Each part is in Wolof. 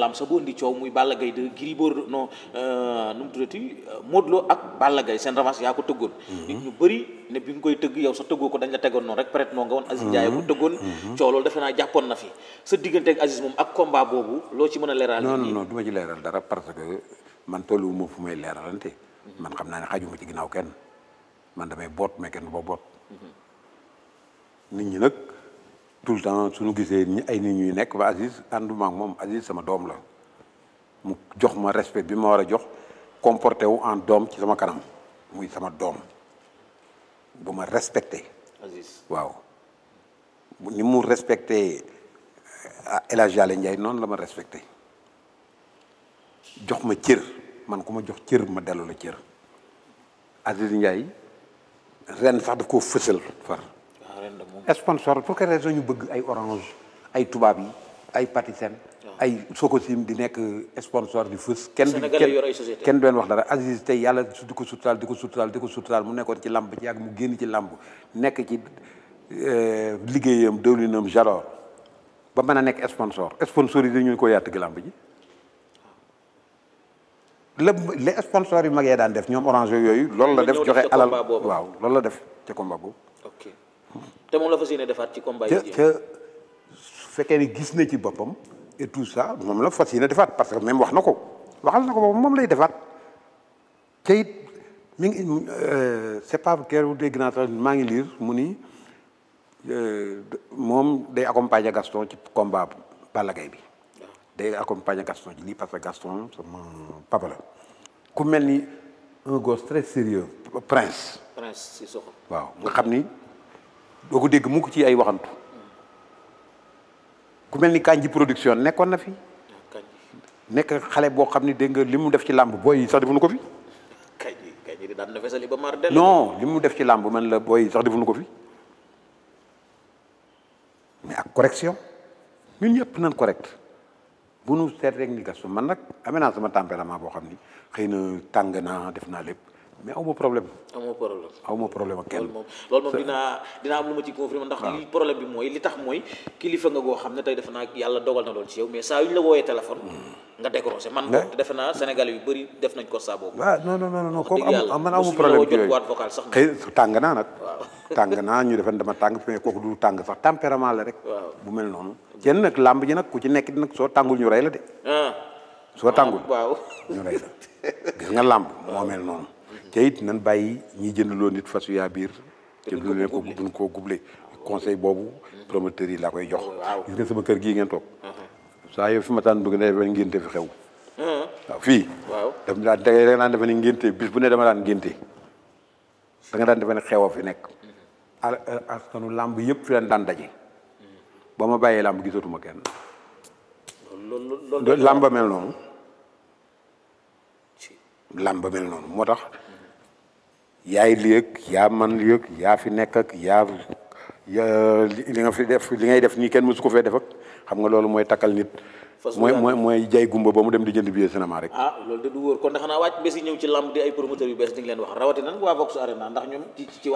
lam sa boo indi coow muy Balla Gaye de Gris Bordeaux non euh, nu mu tuddati Modou Lo ak Balla Gaye seen revanche yaa ko tëggoon mhm. nit ñu bëri ne bi mu koy tëgg yow sa tëggoo ko dañ la tegoon noonu rek peut être moo nga woon Aziz Ndiaye ko mhm. Mhm. defe naa jàppoon na sa diggante ak Aziz moom boobu loo ci mën a leeral non non du ma ci leeral dara parce que man tollu wu ma fu may leeralante man xam naa ne xajuma ci ginnaaw kenn man damay boot mais kenn ba boot nit ñi nag tout le temps su suñu gisee ñi ay nit ñuy nekk ba Aziz ànduma moom Aziz sama doom la mu jox ma respect bi ma war a jox comporté wu en doom ci sama kanam muy sama doom bu ma respecté Aziz waaw ni mu respecté euh, El Hadj Ndiaye noonu la ma respecté jox ma cër man ku ma jox cër ma dellu la cër Aziz Ndiaye ren sax daf koo fësal far sponsor pour quelle raison ñu bëgg ay orange ay tubaab yi ay Patisen ay Sococim di nekk sponsor di fës kenn kenn du wax dara Aziz tey yàlla di ko suturaal di ko suturaal di ko suturaal mu nekkoon ci làmb ci yàgg mu génn ci làmb nekk ci euh, liggéeyam dëwlinam jalor ba mën a nekk esponsor sponsor yi dañu ko yàtt gi làmb ji lépp les sponsors yu mag yee daan def ñoom orange yooyu loolu la def joxe alal waaw loolu la def ci combat boobu te moom la fas yéene defaat ci combat yi. te su fekkee ne gis na ci boppam et tout moom la fas yéene defaat parce que même wax na ko waxal na ko moom lay defaat te mi ngi euh, c'est pas keroog dégg naa maa ngi liir mu ni euh, moom day accompagner Gaston ci combat Balla Gaye bi. day accompagner Gaston ci lii parce Gaston sama papa ku mel ni un gosse très sérieux prince. waaw nga xam ni. doo ko dégg mukk ci ay waxantu ku mel ni Kandji production nekkoon na fi nekk xale boo xam ne dégg nga li mu def ci làmb booy yi sax defuñu ko fi. Kandji Kandji daan na fesali ba mar li mu def ci làmb man la booy yi sax defuñu ko fi mais ak correction ñun ñëpp nañ correct bu nu seet rek ni Gaston man nag amee naa sama tempérament boo xam ni xëy na tàng naa def naa lépp. mais aw ma problème. aw ma problème aw ma problème ak kenn. loolu moom dinaa dinaa am lu ma ci confirmer ndax. li problème bi mooy li tax mooy kilifa nga goo xam ne tey defe naa yàlla dogal na loolu ci yow mais saa yu ñu la wooyee téléphone. nga man. mais defe na Sénégal yu bëri def nañ ko saa boobu. waaw non non non non kooku am man aw ma problème bi yooyu xëy tàng naa nag. tàng naa ñu defoon dama tàng mais kooku du tàng sax tempérament la rek. bu mel noonu. kenn nag làmb ji nag ku ci nekk nag soo tàngul ñu rey la de. Ah. soo tàngul ñu rey la gis nga làmb moo mel noonu te it nan bàyyi ñi jëndaloo nit fas biir. jëndaloo leen ko koo guble conseil boobu mm-hmm. promoteur yi laa koy jox. gis nga sama kër gii ngeen toog. Mm-hmm. saa yow fi ma daan dugg ne dafa ngénte fi xew. Mm-hmm. fii. waaw daf daan da nga ngénte bis bu ne dama daan ngénte da xew a fi nekk. al euh, làmb yëpp fi leen daan daje. ba ma bàyyee làmb gisatuma kenn. loolu loolu làmb mel noonu. làmb mel noonu moo tax. yaay li yëg yaa man li yaa fi nekk ak yaa li nga fi def li ngay def nii kenn mësu ko fee def xam nga loolu mooy takkal nit. mooy mooy mooy jaay gumba ba mu dem di jënd billet cinéma rek. ah loolu naa wàcc bés yi ñëw ci lamb di ay promoteur yu bees di leen wax rawatina waa ñoom ci ci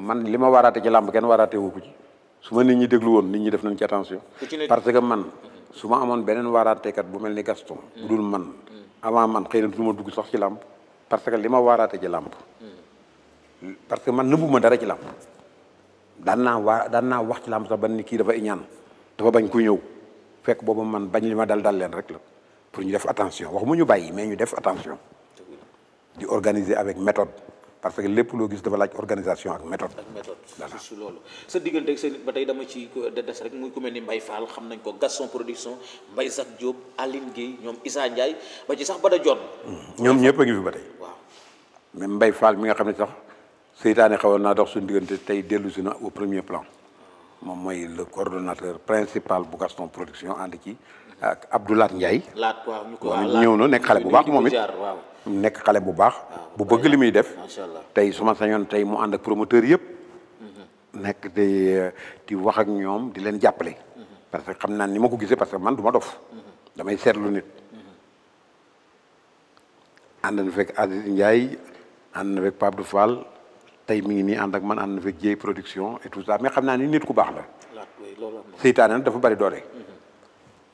man li ma waaraate ci lamb kenn waaraate wu ko ci su ma nit ñi déglu woon nit ñi def nañ ci attention. parce que man su ma amoon beneen kat bu mel ni Gaston. bu dul man mm. avant man xëy na du ma dugg sax ci lamb parce que li ma waaraate ci làmb parce que man nëbbuma dara ci làmb daan naa waa daan wax ci làmb sax ba ni kii dafa iñaan dafa bañ ku ñëw fekk boobu man bañ li ma dal dal leen rek la pour ñu def attention wax mu ñu bàyyi mais ñu def attention di organiser avec méthode parce que lépp loo gis dafa laaj organisation ak méthode su loolu sa diggante ak sa nit ba tey dama ci des rek muy ku mel ni Mbaye Fall xam nañ ko Gaston Production mbay Zack Diop Aline Guèye ñoom Issa Ndiaye ba ci sax ba da jot ñoom ñëpp a ngi fi ba tey waaw même Mbaye Fall mi nga xam ne sax seytaane xawoon naa dox suñu diggante tey dellu si na au premier plan moom mooy le coordonnateur principal bu Gaston Production ànd ci ak Abdoulaat Ndiaye laat waaw ñu ko ñëw na nekk xale bu baax moom it nekk xale bu baax bu bëgg li muy def tey su ma sañoon tey mu ànd ak promoteur yëpp nekk di di wax ak ñoom di leen jàppale. parce que xam naa ni ma ko gisee parce que man du ma dof. damay seetlu nit. ànd na fekk Aziz Ndiaye ànd na fekk Pape Dou Fall tey mi ngi nii ànd ak man ànd na fekk Dieye production et tout ça mais xam naa ni nit ku baax la. Ah, seytaane nag dafa bari doole.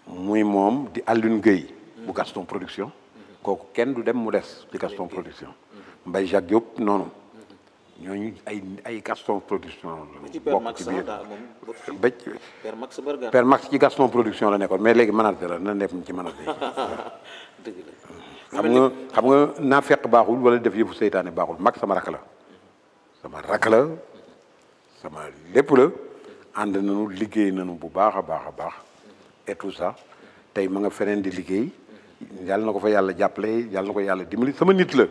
muy moom di Alioune Gueye. bu Gaston production. Mhm. kooku kenn du dem mu des. ci Gaston production. Mhm. Mbaye Jacques Diop noonu. ñooñu ay ay Gaston production la. bokk ci biir ba ci Père Max Bergan. Père Gaston production la nekkoon mais léegi manager la nan def ci manager dëgg la xam nga xam nga naa fekk baaxul wala def yëfu seytaane baaxul mag sama rakk la. sama rakk la sama lépp la ànd nañu liggéey nañu bu baax a baax a baax et tout ça tey ma nga feneen di liggéey. yàlla na ko fa yàlla jàppale yàlla na ko yàlla dimbali sama nit la.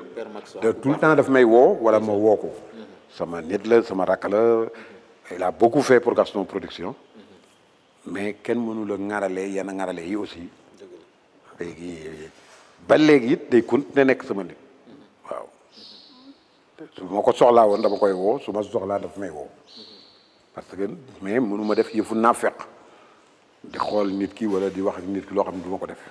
te tout le temps daf may woo wala ma woo ko. sama nit la sama rakk la il a beaucoup fait pour Gaston Production mais kenn mënula ŋarale yenn ngarale yi aussi léegi ba léegi it day continuer nekk sama nit waaw su ma ko soxlaa woon dama koy woo su ma soxlaa daf may woo parce que mais mënuma def yëfu naafeq di xool nit ki wala di wax nit ki loo xam ne du ma ko def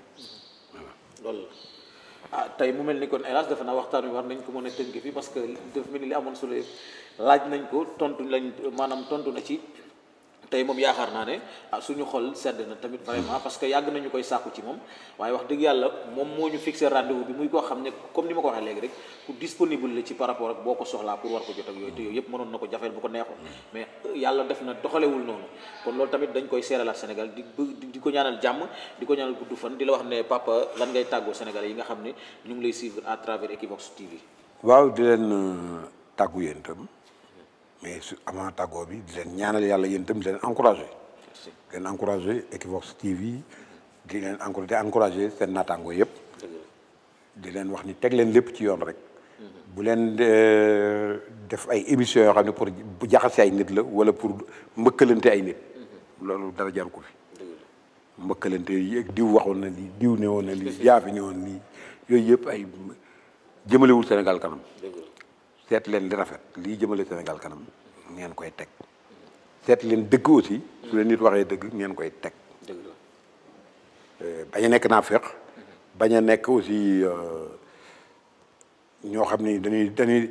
ah tey mu mel ni kon hélas defe na waxtaan wi war nañ ko mën a tënk fii parce que dafa mel ni li amoon solo laaj nañ ko tontu lañ maanaam tontu na ci tey moom yaakaar naa ne ah, suñu xol sedd na tamit vraiment parce que yàgg nañu koy sàkku ci moom waaye wax dëgg yàlla moom moo ñu fixé rendez bi muy koo xam ne comme ni ma ko waxee léegi rek ku disponible la ci par rapport ak boo ko soxlaa pour war ko jot ak yooyu te yooyu yëpp mënoon na ko jafeel bu ko neexoon mais euh, yàlla def na doxalewul noonu kon loolu tamit dañ koy seeralaat Sénégal di di ko ñaanal jàmm di ko ñaanal gudd fan di la wax ne papa lan ngay tàggoo Sénégalais yi nga xam ne ñu ngi lay suivre à travers Equivox TV. waaw di leen euh, tàggu yéen tam mais su avant tàggoo bi di leen ñaanal yàlla yéen itam di leen encouragé. di leen encouragé Equivox TV di leen encouragé di encouragé seen naataangoo yëpp. di leen wax ni teg leen lépp ci yoon rek. Mm-hmm. bu leen euh, def ay émissions yoo xam ne pour bu jaxase ay nit la wala pour mbëkkalante ay nit. Mm-hmm. loolu dara jar ko fi. mbëkkalante diw waxoon na lii diw ne na lii jaafi ne woon lii yooyu yëpp ay jëmalewul Sénégal kanam. seet leen li rafet lii jëmale Sénégal kanam ngeen koy teg seet leen dëgg aussi su leen nit waxee dëgg ngeen koy teg euh, bañ a nekk naa féq bañ a nekk aussi euh, ñoo xam ni dañuy dañuy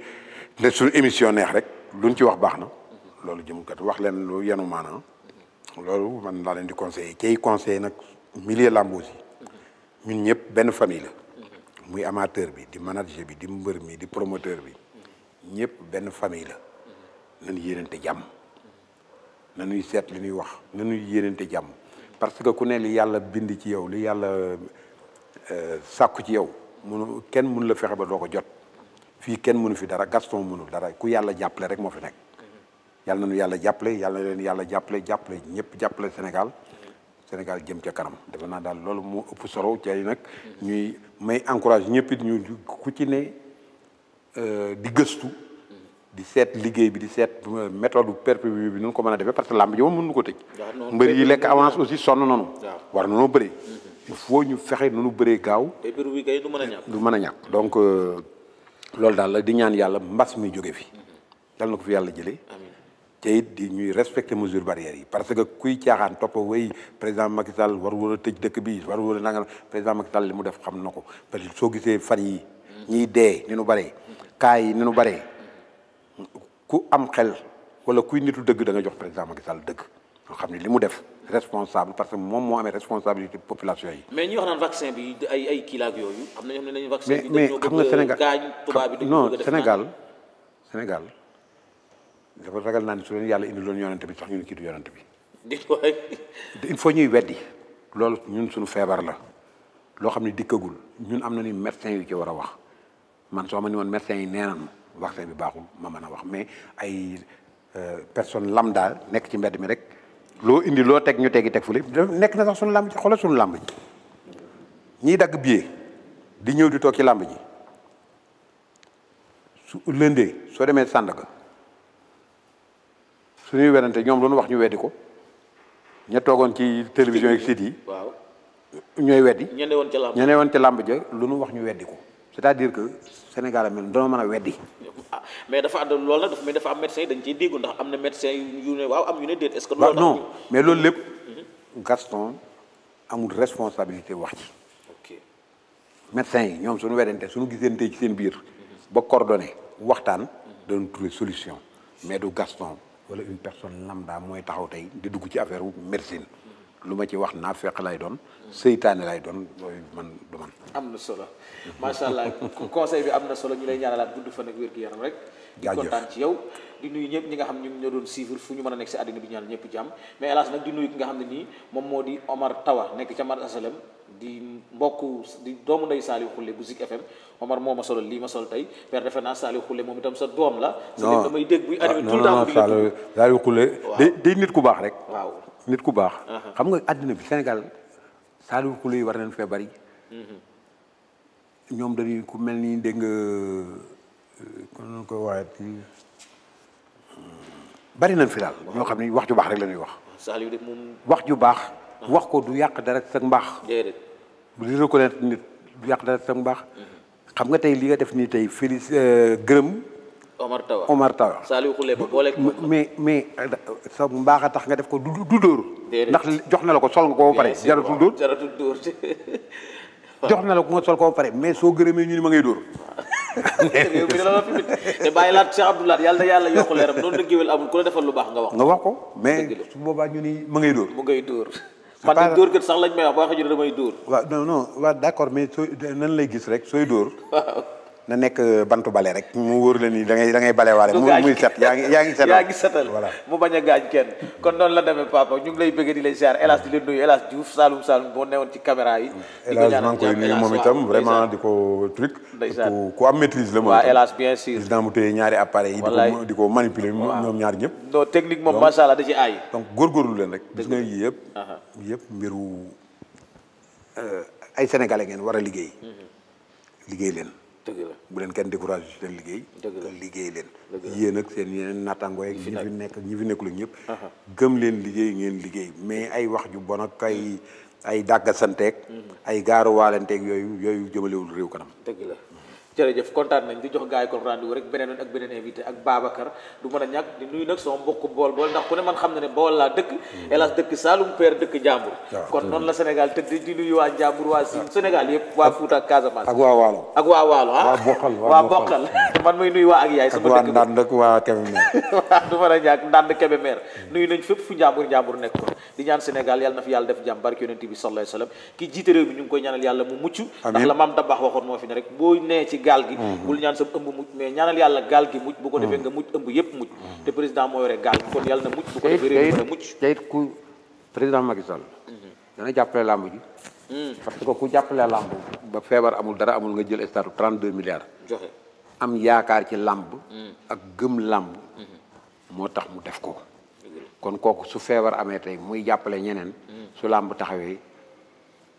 ne suñu émission neex rek luñ ci wax baax na loolu jëmul kat wax leen lu yenu maana loolu man laa leen di conseiller cay conseil nag millier làmb aussi ñun ñëpp benn famille la muy amateur bi di manager bi di mbër mi di promoteur bi ñëpp benn famille la nañu yéenante jàmm nañuy seet li ñuy wax nañuy yéenante jàmm parce que ku ne li yàlla bind ci yow li yàlla euh, sàkku ci yow mënu kenn mënu la fexe ba doo ko jot fii kenn mënu fi dara Gaston mënul dara ku yàlla jàppale rek moo fi nekk yàlla nañu yàlla jàppale yàlla leen yàlla jàppale jàppale ñëpp jàppale Sénégal Sénégal jëm ca kanam defe naa daal loolu moo ëpp solo ci nag ñuy may encourage ñëpp it ñu ku ci ne Euh, di gëstu di seet liggéey bi di seet méthode perpétuelle bi nu ko mën a defee parce que làmb ji moom mënuñu ko tëj. mbër yi lekk avance aussi sonn noonu. war nañoo bëree. Mhm. il ñu fexe nu ñu bëree gaaw. te biir bi kay du mën a ñàkk. mën a ñàkk donc euh, loolu daal la di ñaan yàlla mbas mi jóge fi. dal mhm. na ko fi yàlla jëlee. te it di ñuy respecter mesures barrières yi parce que kuy caaxaan topp way président Macky dal war a tëj dëkk bi war wala nangam président Macky Sall li mu def xam na ko soo gisee fan yi ñiy dee ni nu bare cas yi ni nu bare ku am xel wala kuy nitu dëgg da nga jox président Macky Sall dëgg nga xam ne li mu def responsable parce que moom moo amee responsabilité population yi. mais ñi wax naan vaccin bi ay kii la ak yooyu am na ñoo xam ne dañuy vaccin bi mais xam nga Sénégal tubaab bi non Sénégal Sénégal dafa ragal naa ne su yàlla indi loon yonante bi sax ñu ne du yonante bi. di il faut ñuy weddi. loolu ñun suñu feebar la loo xam ne dikkagul ñun am na ni médecin yu ci war a wax. man soo ma ni woon médecin yi nee nañu vaccin bi baaxul ma mën a wax mais ay euh, personne daal nekk ci mbedd mi rek loo indi loo teg ñu tegi teg fule nekk na sax suñu làmb ji xoolal suñu dagg billet di ñëw di toog ci làmb ji su soo demee Sandaga suñuy werante ñoom lu ñu wax ñu weddi ko ña toogoon ci télévision yi site yi. waaw ñooy weddi. ña ne woon ca làmb ja lu nu wax ñu weddi ko. c'est-à-dire que Sénégal am dañoo mën a weddi. Ah, mais dafa ànd loolu nag dafa mais dafa am médecin yi dañ ciy déggu ndax am na médecin yu ne waaw am yu ne déet est-ce que. loolu non mais loolu lépp. Mhm. amul responsabilité wax ci. ok médecin yi ñoom suñu weddante suñu gisante ci seen biir. Mhm. ba coordonné waxtaan. Mhm. doon trouver solution mais du Gaston wala une personne daa mooy taxaw tey di dugg ci affaire wu médecine. lu ma ci wax naa feq lay doon seytaane lay doon loolu man du am na solo macha allah conseil bi am na solo ñu lay ñaanalaat gudd fa ak wér-gu-yaram rek di kontaan yow di ñëpp ñi nga xam ñu ngi ñoo doon suivre fu ñu mën nekk si àddina bi ñaan ñëpp jàmm mais hélas nag di nuyu ki nga xam ne nii moom moo di Omar Tawa nekk ca Mar Asalem di mbokk di doomu ndey Saliou Khoule bu Zik FM Omar moo ma solo lii ma solo tey père defe naa Saliou Khoule moom itam sa doom la. non sa damay dégg buy ah, animé tout le temps. Saliou Khoule ku baax rek. waaw. nit ku baax. xam nga àddina bi Sénégal saalu ku luy war nañ fee bari. Mhm. ñoom dañuy ku mel ni dégg nga nu ko waaye bari nañ fi daal ñoo xam ni wax ju baax rek la ñuy wax. Saliou de moom. wax ju baax. wax ko du yàq dara sa mbaax. déedéet li du yàq dara sa mbaax. Mhm. xam nga tey li nga def nii tey félic euh, gërëm. Omar Tawa Omar Tawa. Saliou Khoulé ba booleeg mais mais sa mbaax a tax nga def ko du du dóor. ndax jox na la ko sol nga ko ba pare. jaratul dóor jaratul dóor. jox na la ko nga sol ko ba pare mais soo gërëmee ñu ni ma ngay dóor. réew mi la la fi laat Cheikh Abdoulaye yàlla na yàlla yokk leeram doon na géwél amul ku la defal lu baax nga wax. nga wax ko mais su boobaa ñu ni ma ngay dóor. ma ngay dóor. man de dóor kat sax lañ may wax boo waxee dóor. waaw non non waaw d'accord mais sooy nan lay gis rek sooy dóor. na nekk euh, bantu bale rek mu wóor la ni da ngay da ngay bale waale muy set yaa ngi yaa ngi setal yaa ngi setal voilà mu bañ a gaañ kenn kon noonu la demee papa ñu ngi lay bëgg di lay ziar hélas di leen nuyu yi moom itam vraiment di ko truc ku ku am maîtrise la moom waaw hélas bien sûr président mu téye ñaari appareil di ko manipuler ñoom ñaar ñëpp non technique moom macha allah da ci aay donc góorgóorlu leen rek gis nga yii yëpp yëpp mbiru euh, ay sénégalais ngeen war liggéey mhm. liggéey leen dëgg la bu leen kenn découragé seen liggéey. dëgg la liggéey leen. yéen ak seen yeneen naataangoo yeeg ñi fi nekk ñi fi nekkul ak ñëpp. gëm leen liggéey ngeen liggéey mais ay wax ju bon ak ay ay dàggasanteeg. Mhm. ay gaaruwaalanteeg yooyu yooyu jëmalewul réew kanam. dëgg la. jërëjëf kontaan nañ di jox gars yi kon rendez-vous rek beneen ak beneen invité ak Babacar du mën a ñàkk di nuyu nag sama mbokku bool bool ndax ku ne man xam na ne bool laa dëkk hmm. hélas dëkk Saalum Père dëkk Njàmbur ah, kon hmm. noonu la Sénégal tëdd di nuyu waa Njàmbur waa Siin ah. Sénégal yëpp waa Fuuta ak Casamance ak waa Waalo ak waa Waalo ah waa Bokkal man may nuyu waa ak yaay sama dëkk Ndand waa Kébémer waa a hmm. nañ fépp fu Njàmbur Njàmbur nekk ko di ñaan Sénégal gaal gi mhm. bul ñaan sam ëmb mucc mais ñaanal yàlla gaal gi mucc bu ko mhm. defee nga mucc ëmb yëpp mucc mhm. te président moo yore gaal gi kon na mucc ko defee réew a mucc ku président Macky Sall dana jàppale làmb ji parce que ku jàppale làmb ba feebar amul dara amul nga jël stade 32 milliards joxe am yaakaar ci làmb ak gëm làmb moo tax mu def ko kon kooku su feebar amee tey muy jàppale ñeneen su làmb taxawee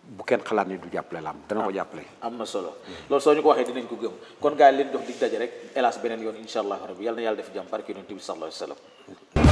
bu kenn xalaat ni du jàppale làmb dana ko ah, jàppale am na solo loolu soo ñu ko waxee dinañ ko gëm kon gars yi leen jox dig daje rek hélas beneen yoon insha allahu rabbi yàlla na yàlla def jàmm barke yonent bi sallallahu wa sallam